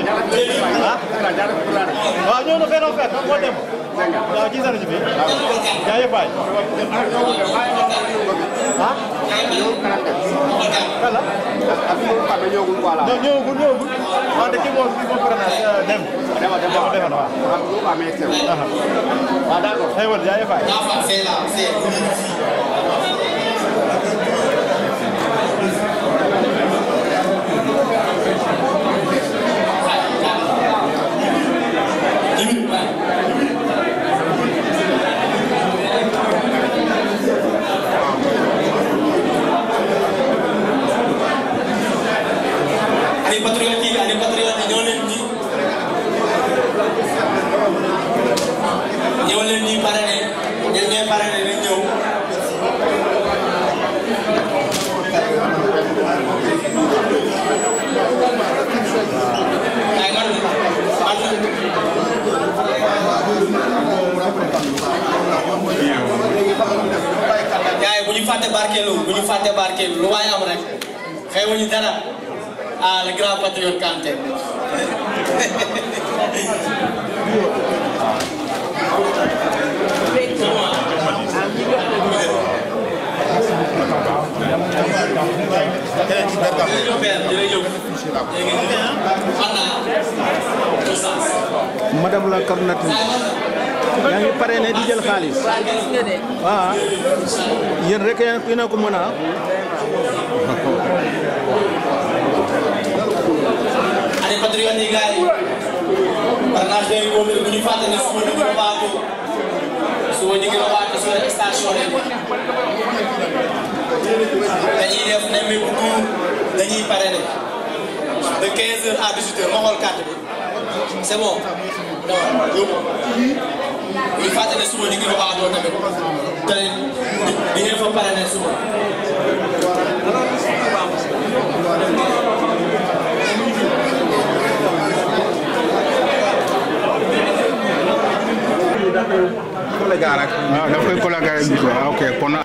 waaw ah, ñëw na fenn ak fenn moo dem waaw gis nañu fi jaayee baay ah kala non ñëwagul ñëwagul wax dëgg kii moom kii moom pare euh, naa dem dama defoon waaw ah, waaw d'accord xëy wal jaayee baay yaay bu ñu fàtte barkeelu bu ñu fàtte barkeelu lu waay am rek xewuñu dara ah le grand patriote Kanté Jërëjëf eh, jërëjëf la karnati yaa ngi pare ne di jël xaalis waaw ah, rek yéen a ko mën a ane patriote bon il fate ne suba jogui no ɓawa ɗo tamit tane ɗinen fo parane suba Kollegare. Ah, da quel collegare di qua, ok, con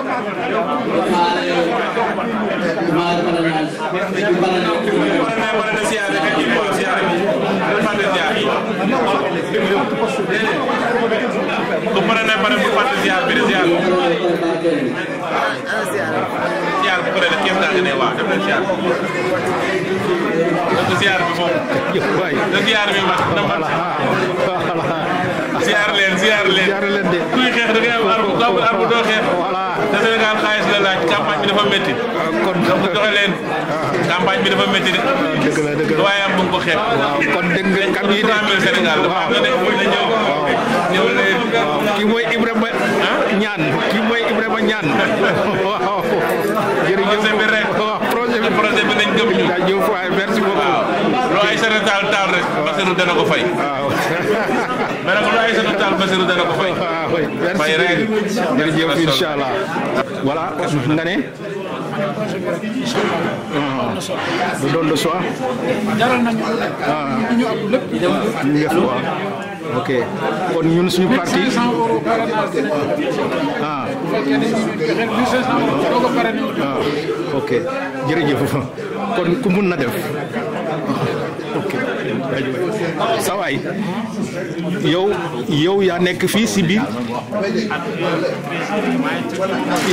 siar pare siar pare bu fàtte ziar bi ziar ziar bu pare ne kéem daal di ne waa def leen ziar def ziar bi moom def ziar bi mat na mat ziar leen ziar leen kuy xeex da ngay am arbu arbu doo xeex te Sénégal xaalis la laaj campagne bi dafa métti. kon donc joxe leen. campagne bi dafa métti de. dëgg la dëgg la waaye am bu ko xeeb. kon dégg nga kan yi de Sénégal dafa am na ne buñ leen kii mooy Ibrahima ñaan kii mooy Ibrahima ñaan waaw jërëjëf ci projet bi lañ gëm ñu. jaajëf waay merci beaucoup. waaw lu ay sa taal taal rek. Ah. Bassirou dana ko fay. waaw. mais nag lu ay sa taal Bassirou dana ko fay. waaw ah, merci beaucoup fay rek. jërëjëf incha allah. voilà nga ne. du don de soi. jaral ah. def waaw ok kon ñun suñu parti. 1500 ah. euros ah. ok kon ku na def sawaay eu eu yaa nekk fii si biir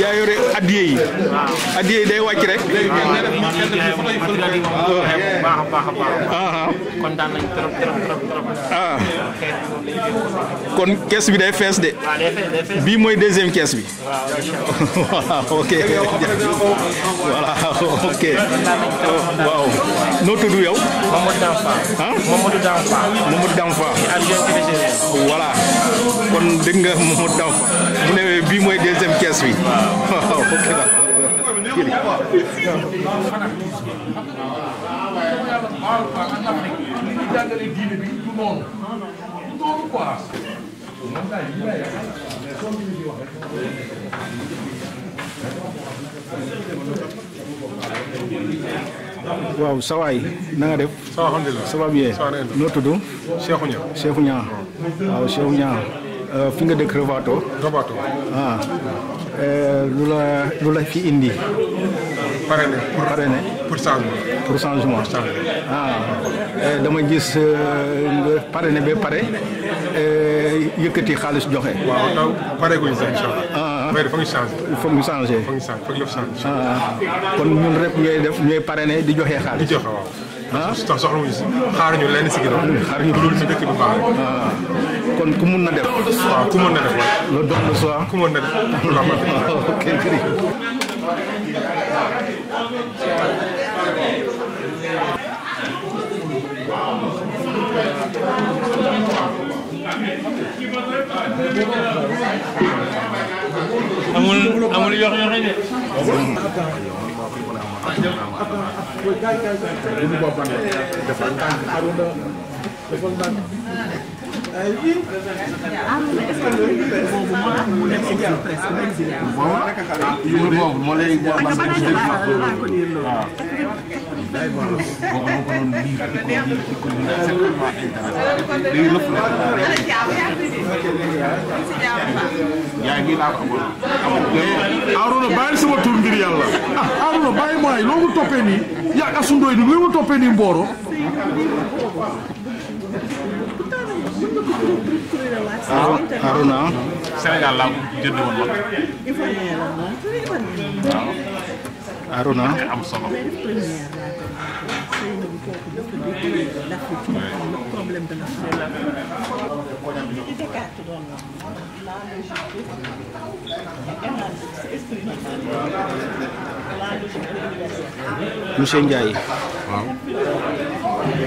yaa yore addiye yi addiye yi day wàcc rek kon kees bi day fees de bii mooy deuxième kees bi ok voilà ok waaw noo tudd yow Mamadou Dame Fa Mamadou Dame Fa voilà kon dégg nga Mamadou Dame Fa mu ne bii mooy deuxième caisse bi waaw ok Thank you. waaw sawaay na def. ça va alhamdulilah ça va noo tudd. Cheikhou Niang. waaw Cheikhou Niang euh, fi nga dëkk Rebato. Rebato ah. Euh, lu la lu la fi indi. parrainé pour parrainé. pour changement. Ah. Euh, dama gis nga parrainé ba pare yëkkati xaalis joxe. waaw weer fa nga changer fa nga changer fa nga changer fa nga changer ah, ah. kon ñun rek ngay def ñoy parrainer di joxe xaalis ya, di joxe waaw ah tax ah. soxla wuñu xaar ñu lenn ci ginnaaw xaar ñu dul ci dëkk bu baax kon ku mën na def waaw ku mën def lo dox le soir ku mën na def ok kri Thank you. amul amul yox yoxe de. boobu moo lay moo lay boobu moo yaay ngi laa ko amoon. Arona bàyyi sama ngir yàlla ah Arona bàyyi maay loo ma toppee nii yaa Asu Ndoy ni loo ma toppee nii Mboro. ah Arona. laa ko jënd woon wax. sëriñ bi kooku dafa déggee l'Afrique xam la li Descartes doon wax la la logique monsieur Ndiaye waaw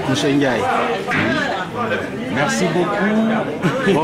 monsieur Ndiaye merci beaucoup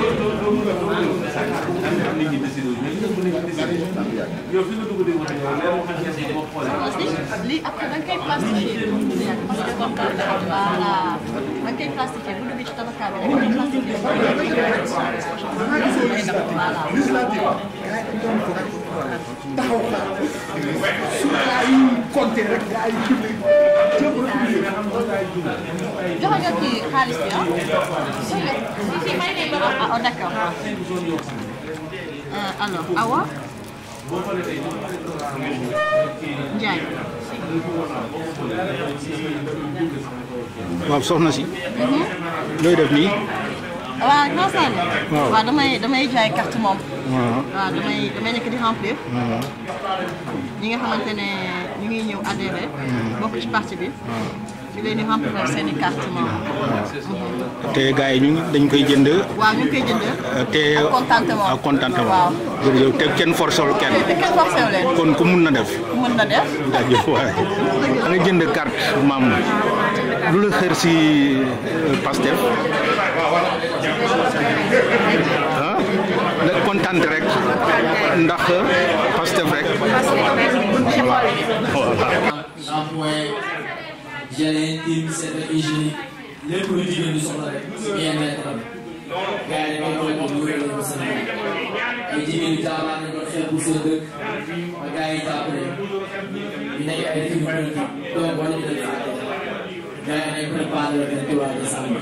yow fi nga dugg déglu rek yow leer waxal ngeen si moo xoolee. lii après da nga koy plastifié parce que comme voilà da nga koy plastifié bu duggee ci tabaxkaa bi da nga koy plastifié. voilà. taxaw xaar su gaa yi compté rek gaa yi public jëm joxe nga kii xaalis bi ah. ah oh, d'accord. Euh, alors Awa. Ndiaye. waaw si. Mhm. looy def nii. waaw non Sane. waaw damay damay jaay carte moom. waaw damay damay nekk di remplir. ñi nga xamante ne ñu ngi ñëw adhéré. Mhm. bokk ci parti bi. ñu leen te gars yi ñu dañ koy jënd. waaw ñu euh, te ak contentement te kenn forcé wul kenn. kon ku mun na def. a jënd carte membre. lu la xër si euh, Pastef. ah rek ndax euh, Pastef rek. voilà. jaleen tiim set ak hygiénique lépp lu jigéen di soxla rek bien mettre am gars yi dañ koy moom wér lañ ko seen ay jigéen yu jaabaat nañ ko xeex pour seen dëkk ba gars yi jàppale ñu nekk ay kii bu donc wala ñu dem fàtte gars yi nañ préparé le 23 décembre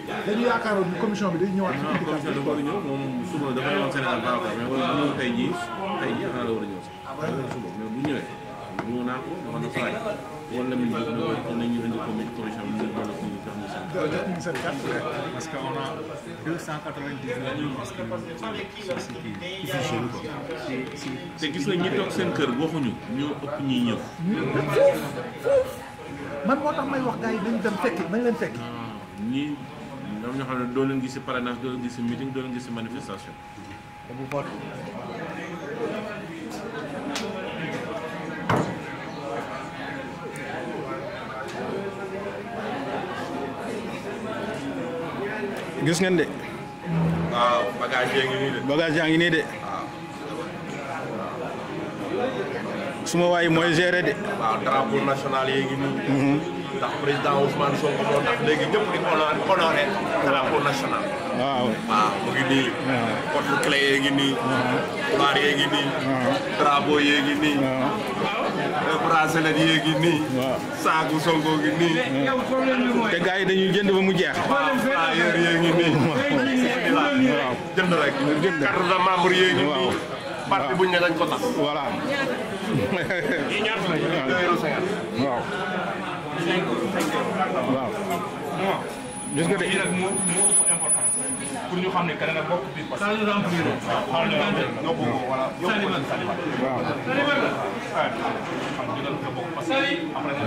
dañu yaakaaroon commission bi day ñëwaat. commission dafa war a ñëw moom suba dafa woon Sénégal baax mais wala tey jii tey la war a ñëw sax. Ah suba mais bu ñëwee ko na saa mi nañu indi commission bi ñu a jox ñu seen. jox ñu parce que on a deux cent quatre vingt dix parce te gis ñi toog seen kër waxuñu ñoo ëpp ñi ñëw. man moo may wax gars yi dem fekki leen ñoom ñoo xam ne doo leen gis si parrainage doo leen gis si meeting doo leen gis si manifestation. gis ngeen de. waaw bagage yaa ngi nii de. bagage ngi de. suma de. waaw drapeau national yi ngi ndax président Ousmane Sonko moo tax léegi ñëpp di honoré honoré drapeau national waaw waaw mu ngi nii porte clé yee ngi nii bar yee ngi nii drapeau yee ngi nii bracelet yee ngi nii saagu Sonko ngi nii te gars yi dañuy jënd ba mu jeex waaw ngi jënd rek carte de membre waaw. gis nga de lii nag moo moo ëpp importance pour ñu xam ne que da nga bokk biir parce que. waaw ñoo ko voilà ñoo ko woon Saliba. waaw xam nga nga bokk parce que après nga.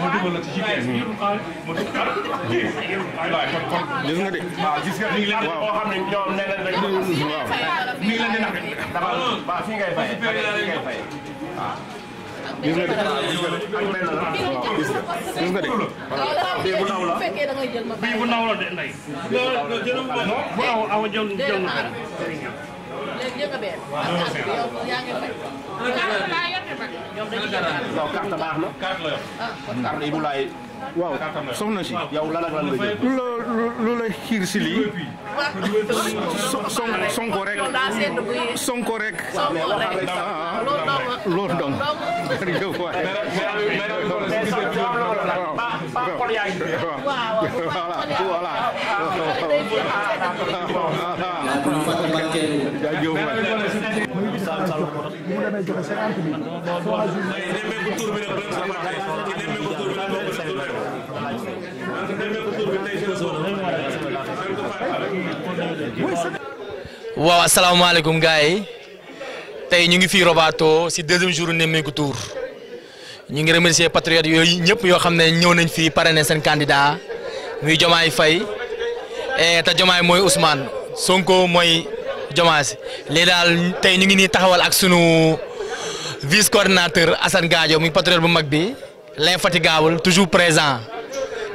ma dugal la ci GPS. ma dugal la ci GPS. waaw kon kon. gis nga de. waaw gis nga ni leen. waaw boo xam ne ñoom nee nañ rek. waaw ni leen di nax. dama ah. ba fii ngay fay fii ngay fay waaw. gis nga de ak benn la gis nga gis nga de bii bu ndaw la bii bu ndaw la de ndey. bu aw aw jël jël na benn. carte baax na. carte yi bu laay. waaw soxna si yow ya, la la lu la xiir si lii sonko rek sonko rek loolu dong Salam salam. Ini waaw asalaamaaleykum gars yi tey ñu ngi fi Robato si deuxième jour Nemmeeku Tour ñu ngi remercier patriotes yooyu ñëpp yoo xam ne ñëw nañ fii parrainé seen candidat muy Diomaye Faye eh, te Diomaye mooy Ousmane Sonko mooy Diomaye si daal tey ñu ngi nii taxawal ak sunu vis coordinateur Assane Gadio muy patriote bu mag bi l'infatigable toujours présent.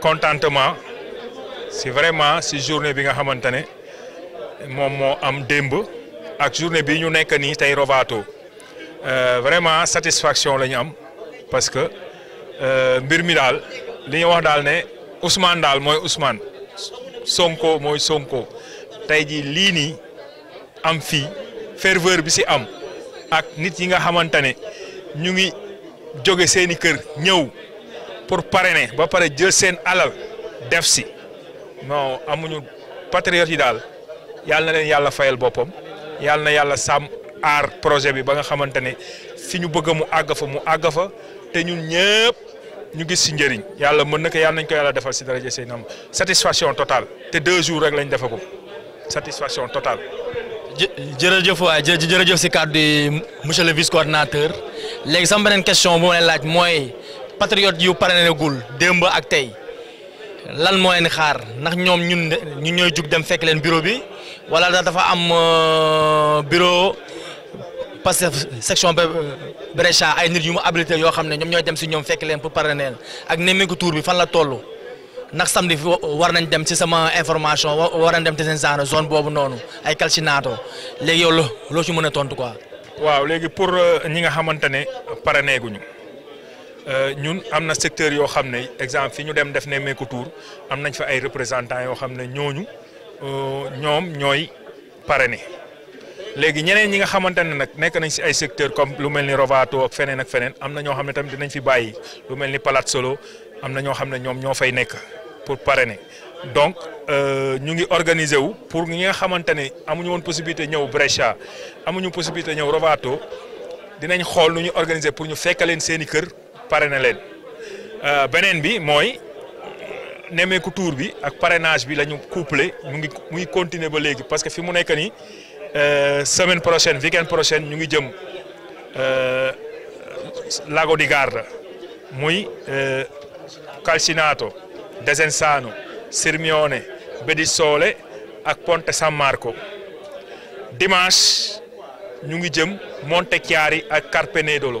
contentement si vraiment si journée bi nga xamante ne moom moo am démb ak journée bi ñu nekk nii tey Rovato euh, vraiment satisfaction la am parce que euh, mbir mi daal li wax daal ne Ousmane daal mooy Ousmane Sonko mooy Sonko tey jii lii nii am fii ferveur bi si am ak nit yi nga xamante ne ñu ngi jóge seeni kër ñëw. pour parrainer ba pare jël seen alal def si non amuñu patriote yi daal yàlla na leen yàlla fayal boppam yàlla na yàlla sàmm aar projet bi ba nga xamante ne fi ñu bëgg mu àgg fa mu àgg fa te ñun ñëpp ñu gis si njëriñ yàlla mën na ko yàlla nañ ko yàlla defal si daraja seen am satisfaction totale te deux jours rek lañu defe ko satisfaction totale. jë jërëjëf waay jërëjëf si kàddu yi monsieur le vis coordinateur léegi sama beneen question bu ma leen laaj mooy. Patriot yu parrainé gul démb ak tay lan nyom leen xaar nak ñom ñun ñu ñoy juk dem fekk len bureau bi wala dafa am euh, bureau parce que section brecha ay nit yu mu habilité yo xam ñom ñoy dem ci ñom fekk len pour parrainer ak nemmeeku tour bi fan la tollu nak samedi war nañ dem ci sama information war nañ dem ci sen zone bobu nonu ay calcinato léegi yow lo ci mëna tontu quoi. waaw léegi pour euh, ñi nga xamantene ne guñu Euh, ñun am na secteur yoo xam ne exemple fi ñu dem def nemmeeku tour am nañ fa ay représentant yoo xam ne ñooñu euh, ñoom ñooy parrainé léegi ñeneen ñi nga xamante ne nag nekk nañ si ay secteur comme lu mel ni Rovato ak feneen ak feneen am na ñoo xam ne tamit dinañ fi bàyyi lu mel ni palaat solo am na ñoo xam ne ñoom ñoo fay nekk pour pare ne donc euh, ñu ngi organiser wu pour ñi nga xamante ne amuñu woon possibilité ñëw Brescia amuñu possibilité ñëw Rovato dinañ xool nu ñu organiser pour ñu fekkaleen seeni kër. pare na leen euh, beneen bi mooy nemmeeku tour bi ak parrainage bi la couplé mu ngi mu continuer ba léegi parce que fi mu nekk nii euh, semaine prochaine weekend prochaine ñu ngi jëm euh, Lago di Garda muy Calcinato desensano Sirmione bedisole ak Ponte San Marco dimanche ñu ngi jëm chiari ak Carpenedolo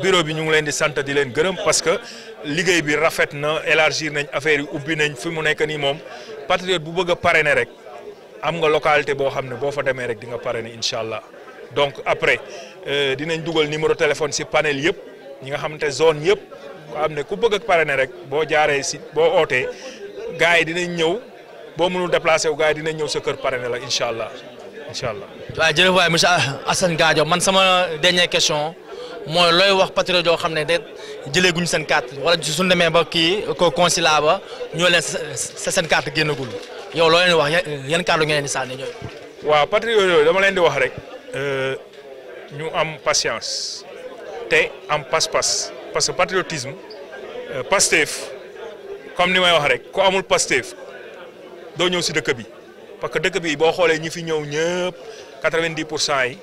bureau bi ñu ngi leen di sant di leen gëreum parce que liguey bi rafet na élargir nañ affaire yi ubbi nañ fi mu nekk ni mom patriote bu bëgg parrainer rek am nga localité bo xamné bo fa démé rek di nga parrainer inshallah donc après euh dinañ duggal numéro téléphone ci panel yépp ñi nga xamanté zone yépp nga amné ku bëgg a parrainer rek bo jaaree si boo ootee gars yi dinañ ñëw bo mënu déplacer wu gaay yi dinañ ñëw sa kër parrainer la inshallah inshallah wa jërëf waaw monsieur Assane Gadio man sama dernière question. moy loy wax patriot yoo xamne de jele guñ sen carte wala suñ demé ba ki ko consulat ba ñoo len sa sen carte gennagul yow loy len wax yeen carte ngeen di sànni ñoy wa patriot yo dama len di wax rek euh, ñu am patience té am pas-pas parce que patriotisme euh, Pastef comme ni may wax rek ko amul Pastef do ñew ci dëkk bi parce que dëkk bi bo xolé ñi fi ñew ñëpp 90 yi.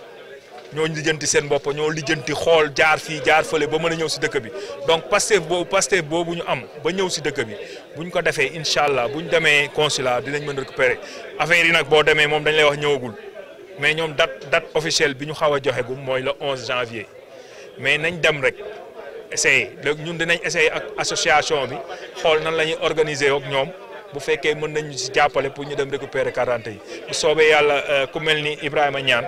ñoo lijjanti seen bopp ñoo lijjanti xool jaar fii jaar fële ba mën a ñëw si dëkk bi donc Pastef boobu Pastef boobu ñu am ba ñëw si dëkk bi buñ ko defee incha allah buñ demee consulat dinañ mën récupérer affaire yi nag boo demee moom dañ lay wax ñëwagul mais ñoom date date officielle bi ñu xaw a joxe gu mooy le 11 janvier mais nañ dem rek essayer léegi ñun dinañ essayer ak association bi xool nan la ñuy organiser ak ñoom. bu fekkee mën nañ ci jàppale pour ñu dem récupérer quarante yi bu yàlla euh, ku mel ni Ibrahima Niane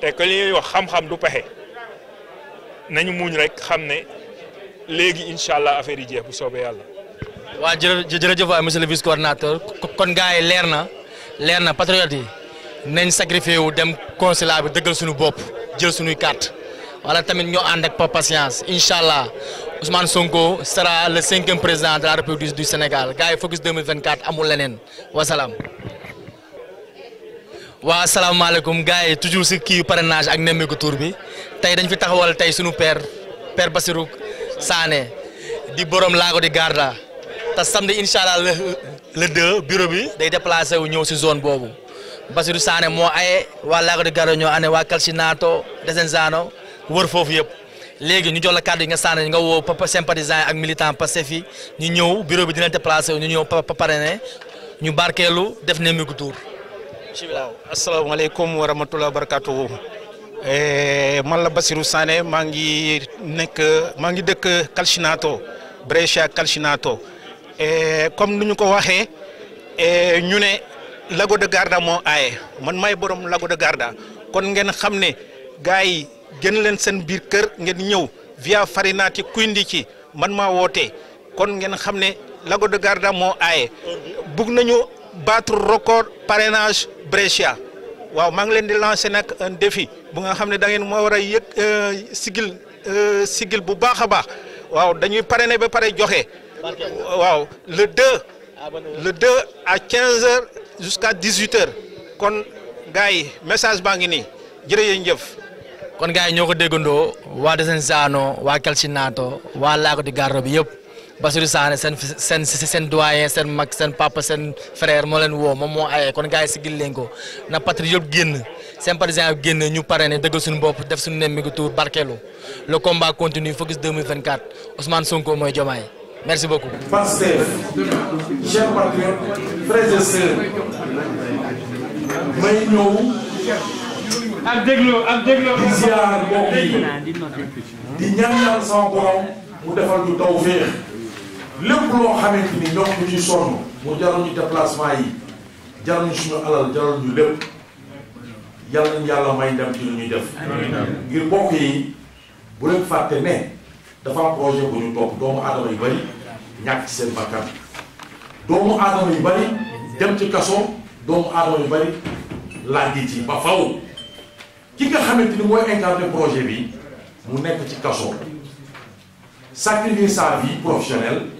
te que li ñuy wax xam-xam du pexe nañu muñ rek xam ne léegi incha allah affaire yi jeex bu soobee yàlla. waa jël jërëjëf waay monsieur le vice coordinateur kon gars yi leer na leer na patriote yi nañ sacrifié wu dem consulat bi dëggal suñu bopp jël suñuy carte wala tamit ñoo ànd ak patience incha allah Ousmane Sonko sera le cinquième président de la République du Sénégal gars yi focus amul leneen wasalaam. waaw asalaamaaleykum gars yi toujours si kii parrainage ak nemmeeku tuur bi tey dañ fi taxawal tey suñu per per Bassirou saane di borom laago di Garda te samedi incha allah le deux bureau bi day déplacé wu ñëw si zone boobu Bassirou saane moo aye waa laago di Garda ñoo ane waa Calcinato Desenzano wër foofu yëpp léegi ñu jox la kàddu yi nga sànni nga woo papa sympathisant ak militant Pastef yi ñu ñëw bureau bi dina déplacé wu ñu ñëw papa parrainé ñu barkeelu def nemmeeku tour. waaw asalaamaaleykum wa rahmatulah barakaatu. Eh, man la Basirou Sané maa ngi nekk maa ngi dëkk Calcinato Brescia Calcinato eh, comme ni ñu ko waxee eh, ñu ne Lago de Garda moo aaye man may borom Lago de Garda kon ngeen xam ne gars yi gën leen seen biir kër ngeen ñëw via Farinati Quindici man ma woote kon ngeen xam ne Lago de Garda moo aaye bugg nañu. battre record parrainage Brescia waaw maa ngi di lancer un défi bu nga xam ne da ngeen moo war a euh, sigil euh, sigil bu baax a waaw dañuy parrainer ba pare joxe waaw le 2 le 2 à 15 h jusqu'à 18 h kon gars message baa ngi nii jërëjëf. kon gars yi ñoo ko déggandoo waa Desenzano wa Calcinato waa Lago di Garda bi yëpp. basuri sahane sen sen sen sen doyen sen mak sen papa sen frère mo len wo mo mo ayee kon gars yi sigil leen ko na patrie yëpp sen sympathisant yob génn ñu parrainé dëggal suñu bop def suñu nemmiku tour barkeelu le combat continue focus 2024 Ousmane Sonko moy jomay merci beaucoup. pasteur chers patriotes frères et sœurs may ñow ak déglu ak déglu. di ziar mbokk yi di ñaanal sama borom mu defal ñu tawfiq lepp loo xamante ni ñu ci sonn mu ñu déplacement yi tous. ñu suñu alal ñu lépp yàlla yàlla may ci lu ñuy def. ngir mbokk yi bu leen ne dafa projet bu ñu topp doomu aadama bari ñàkk ci seen bakkan doomu aadama bari dem ci kaso doomu bari ki nga projet bi mu nekk ci sa vie professionnelle.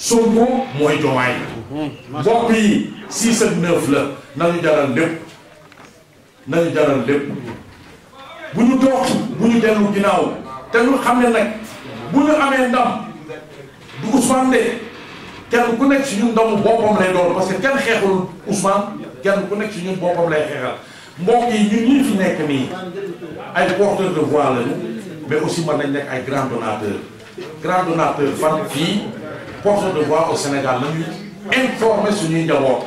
Sonko mooy Diomaye mm-hmm. bokk yi six ak neuf la nañu jaral lépp nañu jaral lépp bu ñu toog bu ñu dellu ginnaaw te ñu xam ne nag bu ñu amee ndam du Ousmane de kenn ku nekk si ñun ndamu boppam lay doon parce que kenn xeexul Ousmane kenn ku nekk si ñun boppam lay xeexal mbokk yi ñun ñii fi nekk nii ay porteurs de voix lañu mais aussi mën nañ nekk ay grands donateurs grands donateurs fan fii porte de voir au Sénégal nañu informer suñuy njaboot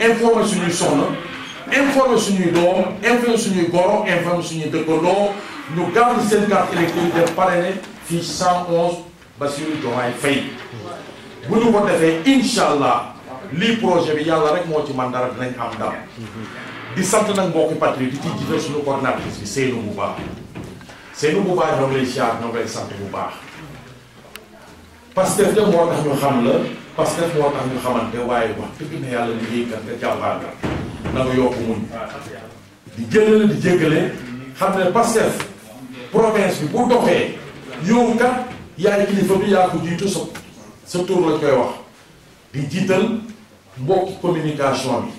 informer sur suñuy soxna informer sur suñuy doom informer sur suñuy goro informer sur suñuy dëkkandoo nous garde cette carte électrique de parrainé fii 111 Bassirou Diomaye Faye bu ñu ko defee incha allah lii projet bi yàlla rek moo ci man dara dinañ am ndam di sant nag mbokki patriote di ci jiital suñu coordinatrice bi Seynou bu baax Seynou bu baax ñoo ngi lay ziar ñoo ngi parce que moo tax ñu xam la parce que moo tax ñu xamante waaye wax dëgg ne yàlla liggéeykat te jàmbaar nga na nga yokk muñ di jëlale di jéggale xam ne Pastef province bi bu doxee yow kat yaay kilifa yaa ko jiitu sa sa tur lañ koy wax di jiital mbokki communication bi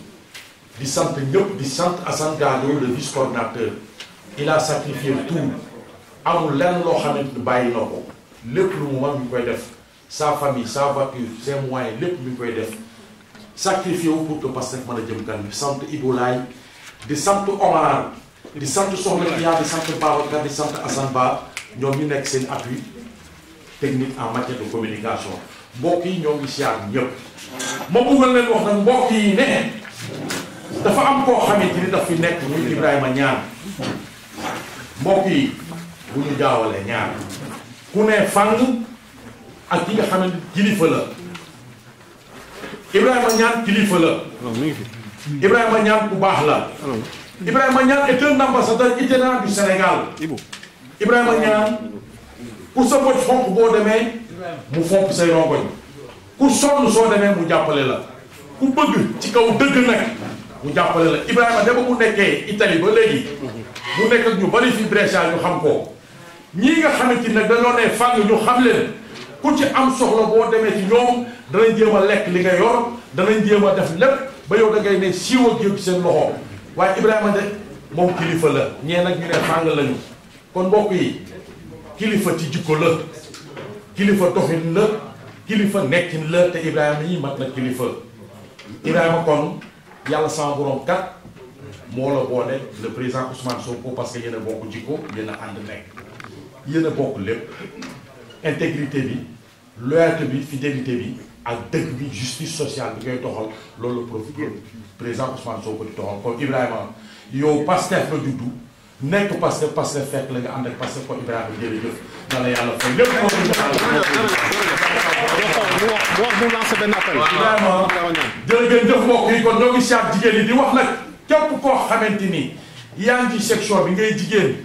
di sant ñëpp di sant Assane Gadio le vice coordinateur il a sacrifié amul lenn loo xamante ni bàyyi na ko lépp lu mu mën ñu koy def sa famille sa voiture ses moyens lépp mi ngi koy def sacrifié wu pour que Pastef mën a jëm kan bi sant Ibulaay di sant Omar di sant Soxna Kiya di sant Babacar di sant Assane Ba ñoom ñu nekk seen appui technique en matière de communication mbokk yi ñoo ngi siyaar ñëpp ma bëggoon leen wax nak mbokk yi ne dafa am ko xamé ci dina fi nek muy Ibrahima ñaan mbokk yi bu ñu jaawale ñaan ku ne fang ak ki nga xamante kilifa la Ibrahima Niane kilifa la ah, Ibrahima Niane ku baax la ah. Ibrahima Niane est un ambassadeur itinérant du Sénégal Ibrahima Niane ku sa bët fonk boo demee mu fonk say rongoñ ku sonn soo demee mu jàppale la ku bëgg ci kaw dëgg nag mu jàppale la Ibrahima de ba mu nekkee Italie ba léegi mu nekk ñu bari fi Brescia ñu xam ñii nga xamante nag dañoo ne fàng ñu xam leen ku ci am soxla boo demee ci ñoom danañ jéem a lekk li nga yor danañ jéem a def lépp ba yow da ngay ne siiw ak yëpp seen loxo waaye Ibrahima de moom kilifa la ñee nag ñu ne lañu kon mbokk yi kilifa ci jikko la kilifa doxin la kilifa nekkin la te Ibrahima yi mat na kilifa Ibrahima kon yàlla sama borom kat moo la boole le président Ousmane Sonko parce que yéen a bokk jikko yéen a ànd nekk yéen bokk lépp. intégrité bi loyauté bi fidélité bi ak dëgg bi justice sociale bi ngay doxal loolu profité président Ousmane Sonko di doxal kon Ibrahima yow Pastef la juddu nekk Pastef Pastef fekk la nga ànd ak Pastef kon Ibrahima jërëjëf na la yàlla fay lépp mu wax mu lancé benn appel Ibrahima jërëjëf mbokk yi kon ñoo ngi siyaat jigéen yi di wax nag képp koo xamante ni yaa ngi section bi ngay jigéen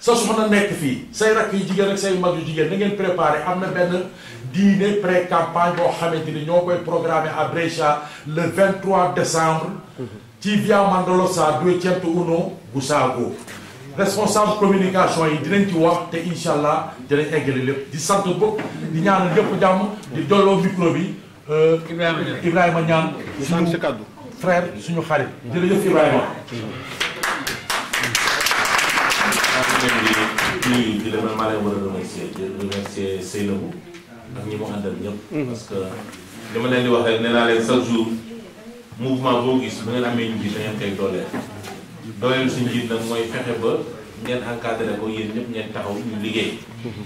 sa su mën a nekk fii say rakk yu jigéen ak say mag yu jigéen na ngeen préparé am na benn dîner pré campagne boo xamante ni ñoo koy programmé à Brescia le 23 décembre. ci saa Via Mandolosa Duecentouno Gussago. responsable communication yi dinañ ci wax te incha allah dinañ eggale lépp di sant bopp di ñaan lépp jàmm di dolloo micro bi. Euh, Ibrahima Ibrahima ñaan. suñu frère suñu xarit. jërëjëf Ibrahima. nuyu di leen maa leen war a remercier di remercier Seynabou ak ñi mu àndal ñëpp. Mhm. parce que li ma leen di wax rek nee naa leen chaque jour mouvement boo gis bu ngeen amee ñu gis da ngeen koy dooleel. dooleel suñu njiit nag mooy fexe ba ngeen encadré ko yéen ñëpp ngeen taxaw ñu liggéey. Mhm.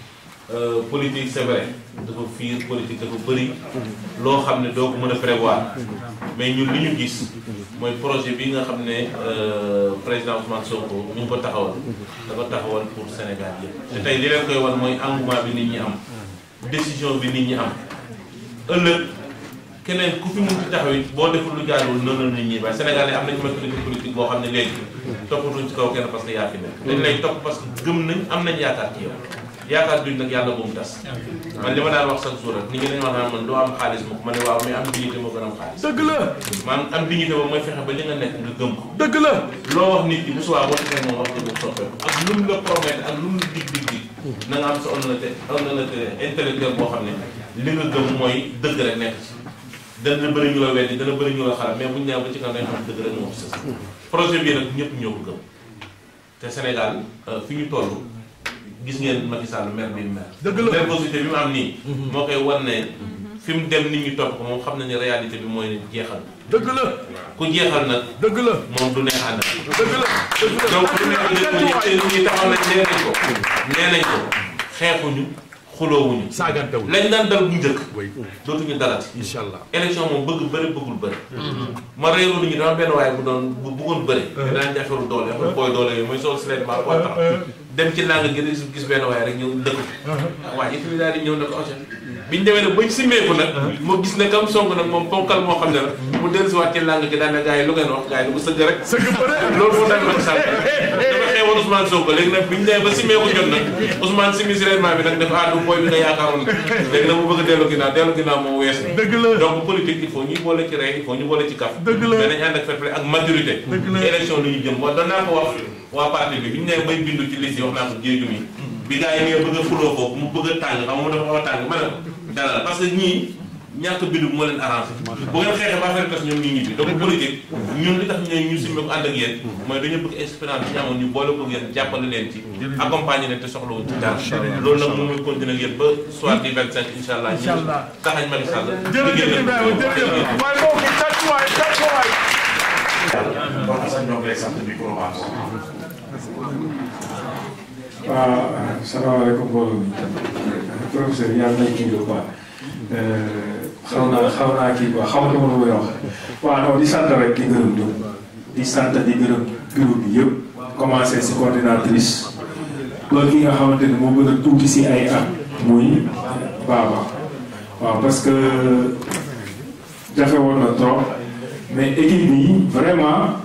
Euh, politique c'est vrai dafa fiir politique dafa bëri loo xam ne doo ko mën a prévoir mais ñun li ñu gis mooy projet bi nga xam ne euh, président Ousmane Sonko ñu ngi ko taxawal dafa taxawal pour Sénégal yëpp te tey li leen koy wan mooy engouement bi nit ñi am décision bi nit ñi am ëllëg keneen ku fi mun ci taxaw it boo deful lu jaarul noonu la nit ñi waaye Sénégal yi xam ne léegi toppatuñ ci kaw kenn parce yaa fi nekk dañ lay topp parce que gëm nañ am nañ yaakaar ci yow yaakaar duñ nag yàlla bu mu tas man li ma wax chaque ni ngi wax man am xaalis mukk waaw mais am dignité moo gën am xaalis la man am dignité boobu mooy fexe ba li nga nekk nga gëm ko dëgg la loo wax nit ñi bu subaa boo defee moom wax ak lu ak lu dig dig dig na nga am sa honnêteté honnêteté intellectuelle boo xam ne li nga gëm mooy dëgg rek nekk ci dana bëri ñu la weddi dana bëri ñu la xalaat mais ba ci xam rek projet ñoo ko gëm Sénégal euh, fi ñu gis ngeen Macky Sall mer bi mer. dëgg positif bi mu am nii. moo koy wan ne. fi mu dem nit ñi topp ko moom xam na réalité bi mooy jeexal. dëgg la ku jeexal nag. dëgg la moom du neex àndal. dëgg la dëgg la donc lu neex nit ñi taxaw nañ nee nañ ko. nee nañ ko xeexuñu xuloowuñu. saagantewuñu lañ daan dal bu njëkk. dootuñu dalal. incha allah élection moom bëgg bëri bëggul bëri. ma réeru nit ñi dama benn waaye bu doon bu bëggoon bëri. dinaa ñaaxeelu doole yow booy doole yooyu mooy sool si leen maa dem ci làng gi gis gis benn waaye rek ñëw dëkk bi uh-huh. ah, waaye it mi daal di ñëw ne ko oto bi ñu demee nag bañ simmeeku nag uh-huh. moo gis ne kam song nag moom ponkal moo xam ne la uh-huh. mu dellusiwaat ci làng gi daal ne gars yi lu ngeen wax gars lu ko sëgg rek sëgg loolu moo daal Macky Sall woon Ousmane Sonko léegi nag bi ñu nee ba simeeku jot nag Ousmane simi si réellement bi nag dafa àddu booy bi nga yaakaaroon léegi nag mu bëgg a dellu ginnaaw dellu ginnaaw moom wees dëgg la donc ñuy boole ci rey il ñu boole ci kaf danañ ànd ak fair play ak maturité élection li ñu jëm wa danaa ko wax waa parti bi bi ñu nee bay bindu ci liste yi wax naa ko jéegu mi bi gars yi nee bëgg a fuloo ko mu bëgg a tàng xam nga dafa xaw a tàng ma ne ko dalal parce que ñàkk bindu moo leen arrangé bu ngeen xeexee ba affaire ñoom ñu ñibbi donc politique ñun li tax ñu ñu simmi ko ànd ak yéen mooy dañu bëgg expérience bi ñu boole ko yéen jàppale leen ci accompagner leen te soxlawuñ ci dara loolu nag moom mooy continuer ak yéen ba soir du 25 incha allah ñu taxañ Macky Sall jërëjëf jërëjëf waaye boo ko tàccuwaay tàccuwaay donc sax ñoo koy sant micro waa ah, waaw salaamaaleykum professeur yàlla nañ kii lu baax xaw naa xaw naa kii quoi xamatuma lu may wax waaw non di sant rek di gërëm ñëpp di sant di gërëm bureau bi yëpp commencé si coordinatrice ba ki nga xamante ne moo gën a tuuti si ay at muy baaba waaw parce que jafe woon na trop mais équipe bi vraiment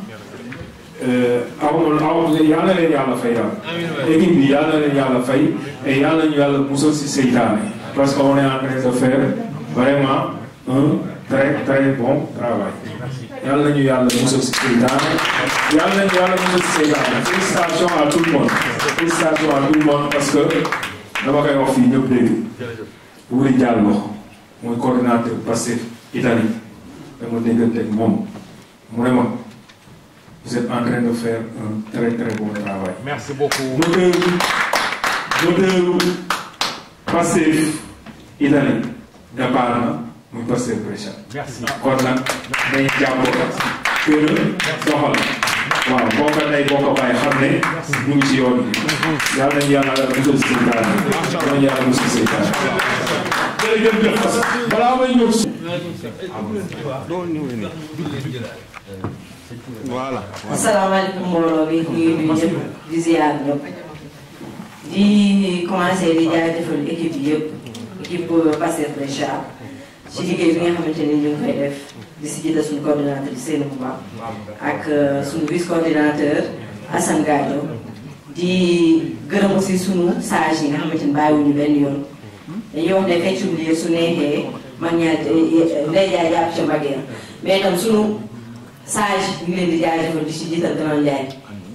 euh, aw ma aw yal na leen yàlla fay daal équipe bi yal leen yàlla fay et yal yàlla musal si seytaane parce qu'on est en train de faire vraiment un très très bon travail. yàlla nañu yàlla musal si seytaane yàlla nañu yàlla musal si seytaane félicitations à tout le monde félicitations à tout le monde parce que dama koy wax fii ñëpp dégg Wuri Diallo mooy coordinateur passif Italie dama déggante ak moom mu ne ma vous êtes en train de faire un très très bon travail. merci beaucoup. bonne moteur. Passez, il a dit, d'abord, muy passé pression. Merci. kon nag nañ jàppoo kër doxal. waaw boo ko nay boo ko bàyyi xam ne. ñu ngi ci yoon bi. yàlla nañu yàlla musal si daal yàlla nañu yàlla musal si daal. jërëjëf jërëjëf balaa may ñëw si. voilà. asalaamaaleykum mbooloo bi ñu ngi nuyu ñëpp di ziar ñëpp. di commencé di jaajëfal équipe yi yëpp équipe Pastef Brescia ci liggéey bi nga xamante ni ñu ngi koy def di si jiital suñu coordinateur Seydou Ba ak euh, suñu vice coordinateur Assane Gadio di gërëm si suñu sage yi nga xamante ni ñu benn yoon dañuy wax ne feccum liir su neexee mag ñaar euh, euh, ndey jaay jàpp ca mbagg mais itam suñu sage ñu leen di jaajëfal di si jiital grand Ndiaye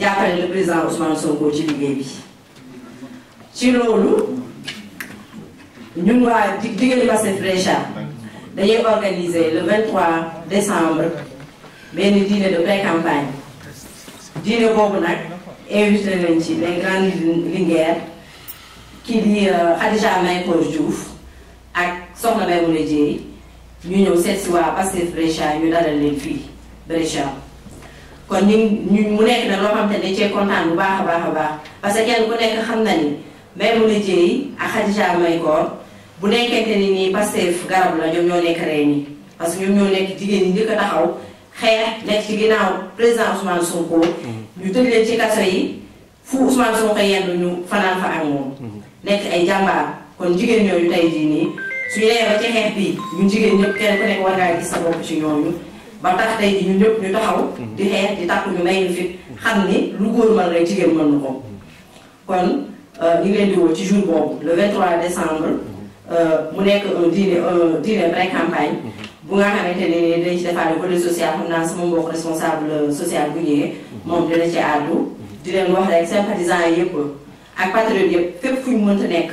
jàppale le président Ousmane Sonko ci liguey bi ci loolu ñun wa waa jigéen Pastef Brescia dañuy organiser le 23 décembre benn dîner de pré-campagne dîner bobu nak invité nañ ci les grandes linguères kii di euh, Khadija ko Diouf ak Soxna Maimouna Dièye ñu ñëw cette si waa Pastef Brescia ñu dalal leen fii Brescia kon ñu ñu mu nekk nag loo xam te ne cee kontaan bu baax a baax a baax parce que kenn ku nekk xam na ni Maimouna Dièye ak Khadija Mahécor bu nekkente ni nii Pastef garab la ñoom ñoo nekk rey parce que ñoom ñoo nekk jigéen ñi njëkk a taxaw xeex nekk ci ginnaaw président Ousmane Sonko. Mm-hmm. ñu tëj leen ci kaso yi fu Ousmane Sonko yendu ñu fanaan fa ak moom. Mm-hmm. nekk ay jàmbaar kon jigéen ñooñu tey jii nii suñu nee ba ci xeex bi ñun jigéen ñu kenn ku gis sa bopp ci ñooñu. ba tax tey ji ñu ñëpp ñu taxaw di xeex di takku ñu may ñu fit xam ni lu góor mën rek jigéen mën na ko kon euh, ñu ngi leen di woo ci jour boobu le 23 décembre euh, mu nekk un dîner un dîner pré-campagne bu nga xamante ne dañ ci defaale volet social xam naa sama mbokk responsable euh, social bu ñëwee moom dina ci àddu di leen wax rek sympathisants yëpp ak patriotes yëpp fépp fu ñu mënta nekk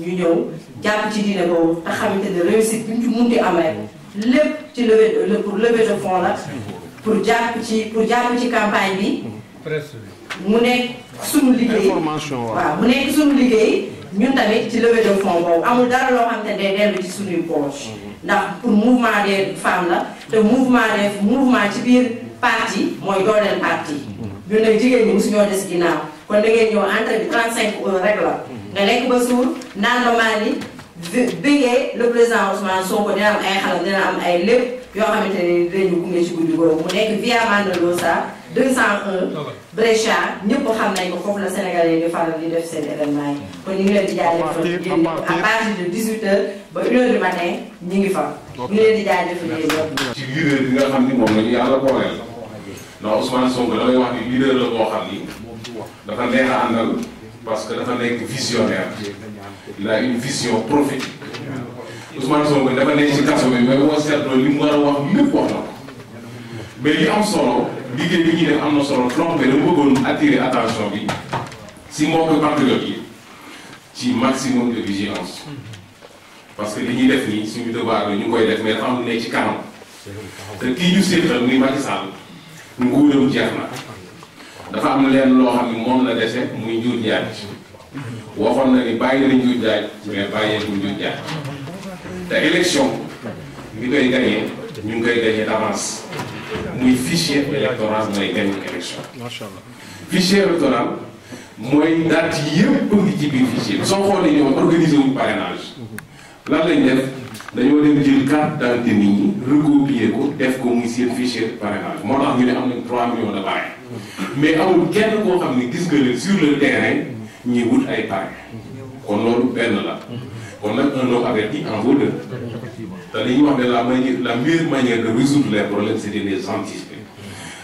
ñu ñëw jàpp ci dîner boobu te xamante ne réussite bi ñu ci di am rek lépp ci lever pour lever de fonds la pour japp ci pour jàpp ci campagne bi mu nek suñu liggéey waaw mu nek suñu liggéey ñun tamit ci levée de fonds boobu amul dara lo xam ne day dellu ci suñuy poche ndax pour mouvement des femmes la te mouvement des mouvement ci biir parti mooy dooleel parti ñu nag jigéen ñi mosuñoo des ginnaaw kon da ngeen ñëw entre bi 35 euros rek la nga lekk ba suur naan normal yi bëggee le président Ousmane Sonko dina am ay xalam dina am ay lépp yoo xamante ne dinañu gunge ci guddi googu mu nekk via Mandalosa 201 Brescia ñëpp xam nañ ko foofu la Sénégal yi di faral di def seen événement yi kon ñu ngi leen di jaajëfal yéen à partir de 18 heures ba 1 heure du matin ñu ngi fa ñu leen di jaajëfal yéen ñëpp ci leader bi nga xam ni moom la ñu yàlla booleel ndax Ousmane Sonko damay wax ni leader la boo xam ni dafa neex a àndal parce que dafa visionnaire il a une vision prophétique Ousmane Sonko ci mais boo seetloo war wax mais li am solo bi def attirer attention bi si mbokk patriote ci maximum de vigilance parce que li ñuy def nii devoir ñu koy def mais dafa am ci dafa am leen loo xam ne moom na dese muy njuuj njaaj waxoon na ni bàyyi na njuuj njaaj mais bàyyeeku njuuj njaaj te élection bi ñu ngi koy gagné d'avance muy fichier électoral mooy gagné élection. macha allah fichier électoral mooy yëpp ngi ci biir fichier bi soo xoolee ñoom organiser wuñ lan lañ def dañoo dem jël carte d'identité nit ñi recopier ko def ko muy seen fichier parrainage moo tax ñu ne am nañ 3 millions de parrain. mais amul kenn koo xam ne gis nga ne sur le terrain ñuy wut ay parrain kon loolu benn la kon nag un homme averti en vaut deux te li ñuy wax ne la manière la meilleure manière de résoudre les problèmes c'est de les anticiper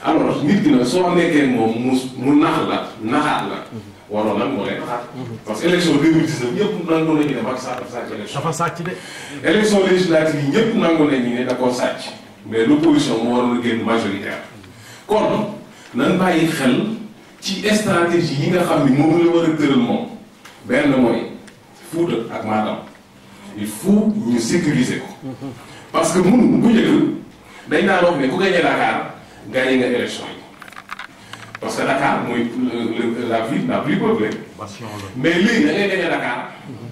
alors nit ki nag soo nekkee moom mu mu nax la naxaat la waroon nag moo lay naxaat parce que élection 2019 ñëpp nangu nañu ne Macky Sall dafa sàcc élection dafa sàcc de élection législative yi ñëpp nangu nañu ne da koo sàcc mais l'opposition moo waroon a génn majoritaire kon nan bàyyi xel ci stratégie yi nga xam ni moom la war a tëral moom benn mooy Fuuta ak Matam il faut ñu sécuriser ko parce que mënu bu njëkk dañ daan wax ne ku gagné Dakar gagné nga élection yi parce que Dakar mooy la ville la plus peuplée mais léegi da ngay gagné Dakar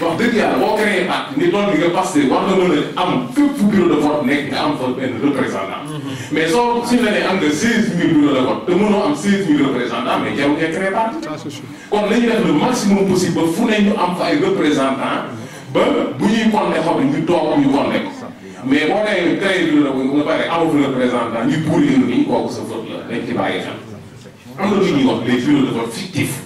wax dëgg yàlla boo créé parti ni doon li nga Pastef war nga mën a am fépp fu bureau de vote nekk nga am fa benn représentant. Mhm. mais soo suñu la nee am nga 16000 bureau de vote te mënoo am 16000 représentants mais jarul nga créé parti. kon nañu def le maximum possible ba fu ne ñu am fa ay représentants ba bu ñuy compter xob ñu toog ñu compter ko. mais boo nee créé bureau de vote nga pare amatu représentant ñu buuree ñu nii kooku sa vote la dañ ci bàyyi xel. am na lu ñuy wax les bureaux de vote fictifs.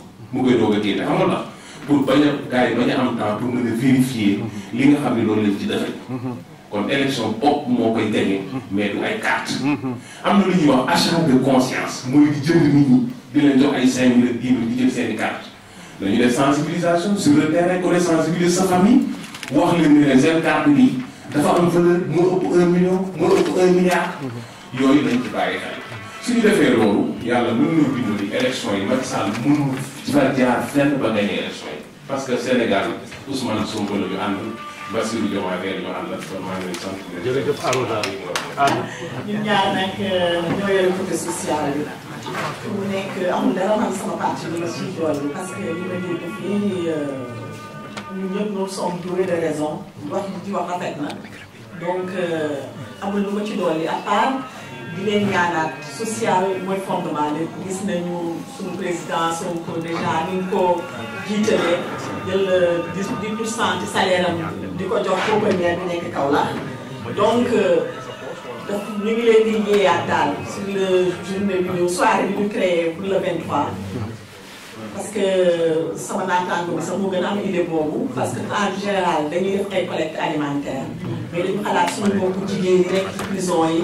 mu koy doog a génne xam nga la pour bañ a gars yi bañ a am temps pour mën a vérifier li nga xam ne loolu lañ ci defee. kon élection bopp moo koy gagné. mais du ay carte am na lu ñuy wax achat de conscience mooy di jënd nit ñi di leen jox ay cinq mille dix mille di jël seen carte dañu def sensibilisation sur le terrain ku ne sensibiliser sa famille wax leen ne leen seen carte bi dafa am valeur moo ëpp un million moo ëpp un milliard yooyu dañ ci bàyyi xel suñu defee loolu yàlla mën nañu dimbali élection yi Macky Sall mënul fa jaar fenn ba gagné élection yi parce que Sénégal Ousmane Sonko la ñu àndal Bassirou Diomaye Faye la ñu àndal kon maa ngi leen di sant. jërëjëf Arouna ñun ñaar nag euh, ñoo yore côté social bi fu mu nekk amul dara man sama parti bi ma siy dolli parce que li ma dégg fii euh, ñun ñëpp nous sommes doués de raison wax li ci wax rafet na donc euh, amul lu ma ci dolli à part. di social moy fondement lépp gis nañu suñu président Sonko déjà ni ko jiitalee jël dix dix pour cent ci salaire am di ko jox pouponnière bi nekk Kaolack donc euh, daf ñu ngi leen di yeeyaat daal sur le journée bi ñëw soirée bi ñu créé pour le 23. parce que euh, sama naataango bi sax moo gën am idée bobu parce que en général dañuy def ay collecte alimentaire mais dañu xalaat suñu bokku jigéen ñi rek ci prison yi.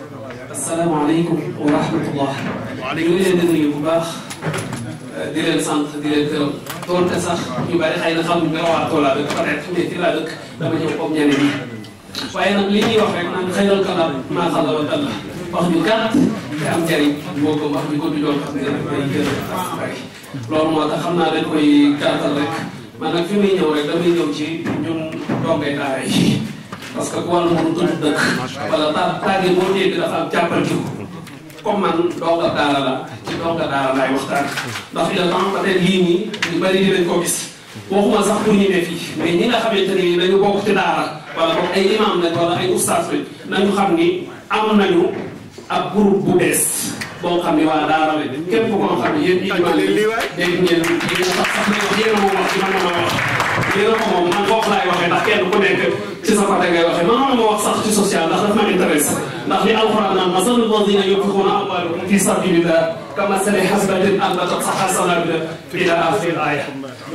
السلام عليكم ورحمة الله يولي دين يقباخ آه، دين السانت دين الترم طور تسخ يباريخ أين خلق مقروع طولة بكفر عدتم يتلا دك لما يقوم يعني وأين أمليني وحيقنا أن خير الكلام ما خلق وطلع وخد يكات يعم جاري موكم وخد يكون بجوال خطير لور ما تخمنا لك ويكات لك ما نكفي مين يوريك لما يوجي نجم دوم بيتاري parce que bool moom tudd dëkk wala ta tàgge boo dégg dafa am jàppandiku comme man donga daara la ci donga daara laay waxtaan ndax il est temps peut-être lii nii ñu bëri dinañ ko gis waxuma sax pour ñu ne fii mais ñi nga xamante ne dañu bokk ci daara wala boog ay imam lañ wala ay oustaz lañ nañu xam ni am nañu ab groupe bu bees boo xam ni waa daara lañ képp koo xam ne yéen imam lañ dégg ngeen yéen sax sax moom wax ci man ma wax lii nag moom man foofu laay waxee ndax kenn ku nekk ci sa côté ngay waxee man moom ma wax sax ci social ndax daf ma intéressé ndax li alxuraan naan masalul lazina yunfiquuna amwaalahum fi sabilillah kamasali xasbatin anbatat saxa sanabila ila axiril aaya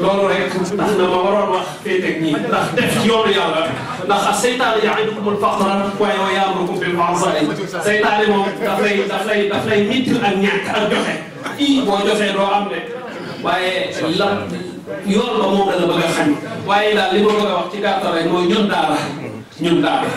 loolu rek tax na ma waroon wax féeteeg ñii ndax def yoonu yàlla ndax seytaane ya'idukumul faqra waaye wa ya'murukum bil fahsaa'i seytaane moom daf lay daf lay daf lay mittil ak ñàkk ak joxe ii boo joxee doo am de waaye la yoon ba moom dana bëgg a xañ waaye daal li ma koy wax ci gàttal rek mooy ñun daara ñun daara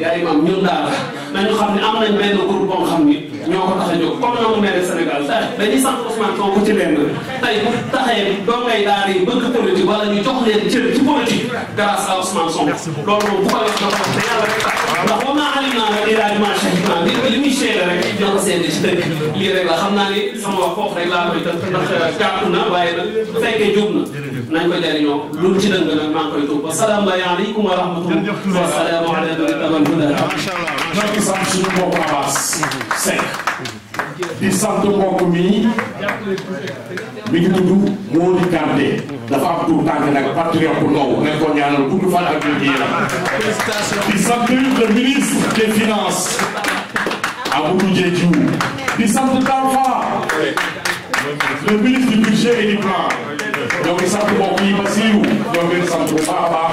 yaa imaam ñun daara nañu xam ne am nañ benn groupe boo xam ni ñoo ko tax a jóg comme na mu mel Sénégal dañuy sant Ousmane Sonko ci lenn tey bu taxee dongay daara yi bëgg politique wala ñu jox leen cër ci politique grâce à Ousmane Sonko loolu moom bu ko jox jox te yàlla rek tax ndax wa maa alimnaa nag ilaa bimaa shahidnaa li li muy seede rek ñoo ko seede ci dëkk lii rek la xam naa ni sama wax foofu rek laa koy tënk ndax gàtt euh, na waaye nag bu fekkee jub na nañ ko jëriñoo lu ci dëng nag maa ngi koy tuub wasalaamu aleykum wa rahmatullah wa salaamu ala man ittaqa al-hudaa ñoo ngi sant suñu di sant mbokk mi mi ngi tudd Mody Kanté dafa am tur tànk nag patriote bu ndaw nañ ko ñaanal gudd fan ak wér yaram di sant le ministre des finances Abdou Dieng di sant Talfa le ministre du budget et du plan ñoo ngi sant mbokk yi Bassirou ñoo ngi sant bu baax a baax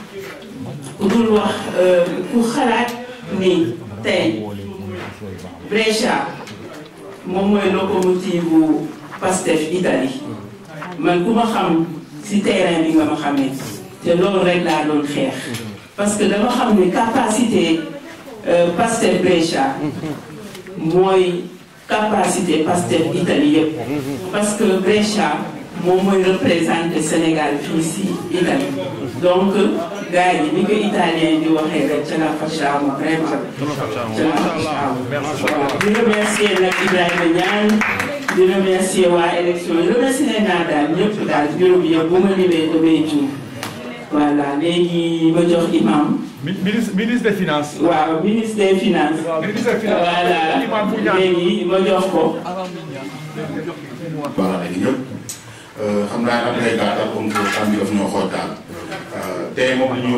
ku dul wax ku xalaat ni Tay Brecha, moom mooy locomotive bu Pasteur Italie Mais ku ma xam si terrain bi nga ma xamee te loolu rek laa doon xeex parce que dama xam une capacité euh, Pasteur Brecha, mooy capacité Pasteur Italie parce que Brecha, moom mooy représenté Sénégal ici, si donc gars yi ni ko italien di waxee rek ca la facciamo vraiment ca la facciamo waaw di remercier nag Ibrahima Niane di remercier waa élection yi remercier naa daal ñëpp daal juróom yëpp bu ma limee damay juum voilà léegi ma jox imam ministre ministre des finances. waaw ministre des finances. ministre des finances voilà léegi ma jox ko. baax na ñëpp euh, xam naa am na ay gàttal comme que xam bi daf ñoo xool daal. tey moom la ñu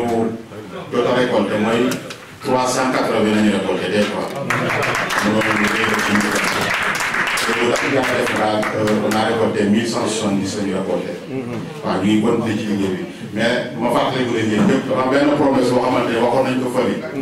jot a récolté mooy trois cent quatre-vingts la ñu récolté tey quoi. moom la ñu récolté ci mille vingt et on a récolté mille cent soixante-dix la ñu récolté. waaw ñu ngi continué ci liggéey bi mais ma fàttali ko liggéey bi ñëpp dafa am benn promesse ne waxoon nañ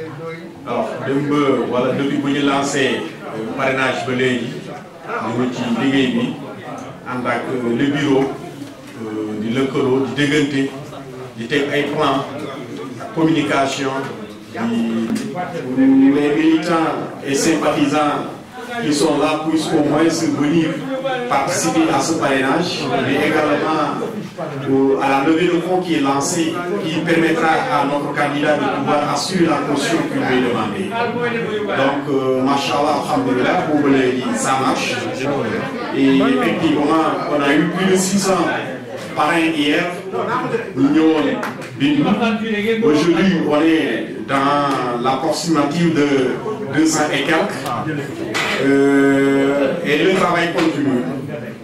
alors depuis que depuis que j'ai lancé euh, parrainage de léegi ci euh, le bureau euh, di lëkkaloo de déggante di teg ay plan communication les militants et sympathisants qui sont là puissent au moins venir participer à ce parrainage mais également à la levée de fonds qui est lancée, qui permettra à notre candidat de pouvoir assurer la caution qu'il lui demandée. Donc, euh, Mashallah, pour ça marche. Et effectivement, on a eu plus de 600 parrains hier. Aujourd'hui, on est dans l'approximative de 200 et quelques. Euh, et le travail continue.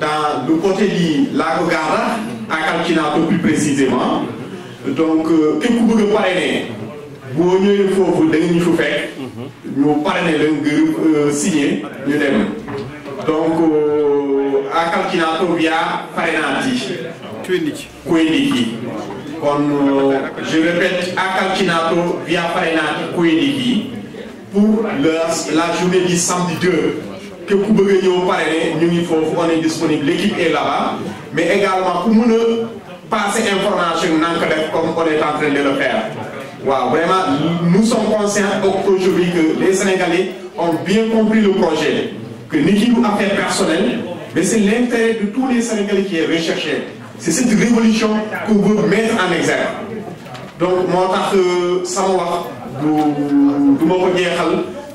dans le côté de la regarda à Kalkinato plus précisément donc un euh, ku de a vous boo ñëwee foofu da vous ñu ñu euh, signé nous donc euh, à Kalkinato via parrainage Kouendiki Donc, je répète à Kalkinato via parrainage pour la journée du samedi 2. Que pour que vous parrainer on est disponible l'équipe est là-bas mais également pour nous passer information comme on est en train de le faire vraiment nous sommes conscients aujourd'hui que les Sénégalais ont bien compris le projet que nous a fait affaire mais c'est l'intérêt de tous les Sénégalais qui est recherché c'est cette révolution qu'on veut mettre en exergue donc moi, pense euh, sama wax du du ma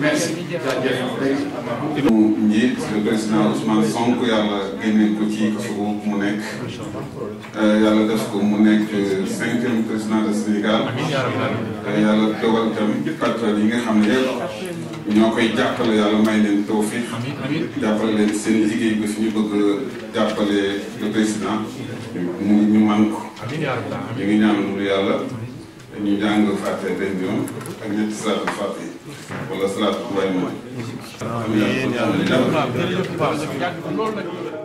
merci jaajëf tey moom njiit le président Ousmane Sonko yàlla génne ko ci kaso mu nekk yàlla def ko mu nekk cinquième président de Sénégal yàlla dogal tamit patriote yi nga xam ne yëpp ñoo koy jàppale yàlla may o tawfiq jàppale leen seen liggéey bi fi ñu bëgg jàppale le président mu ñu man ko ñu ngi wala salaatu Ibrahima. amiin amiin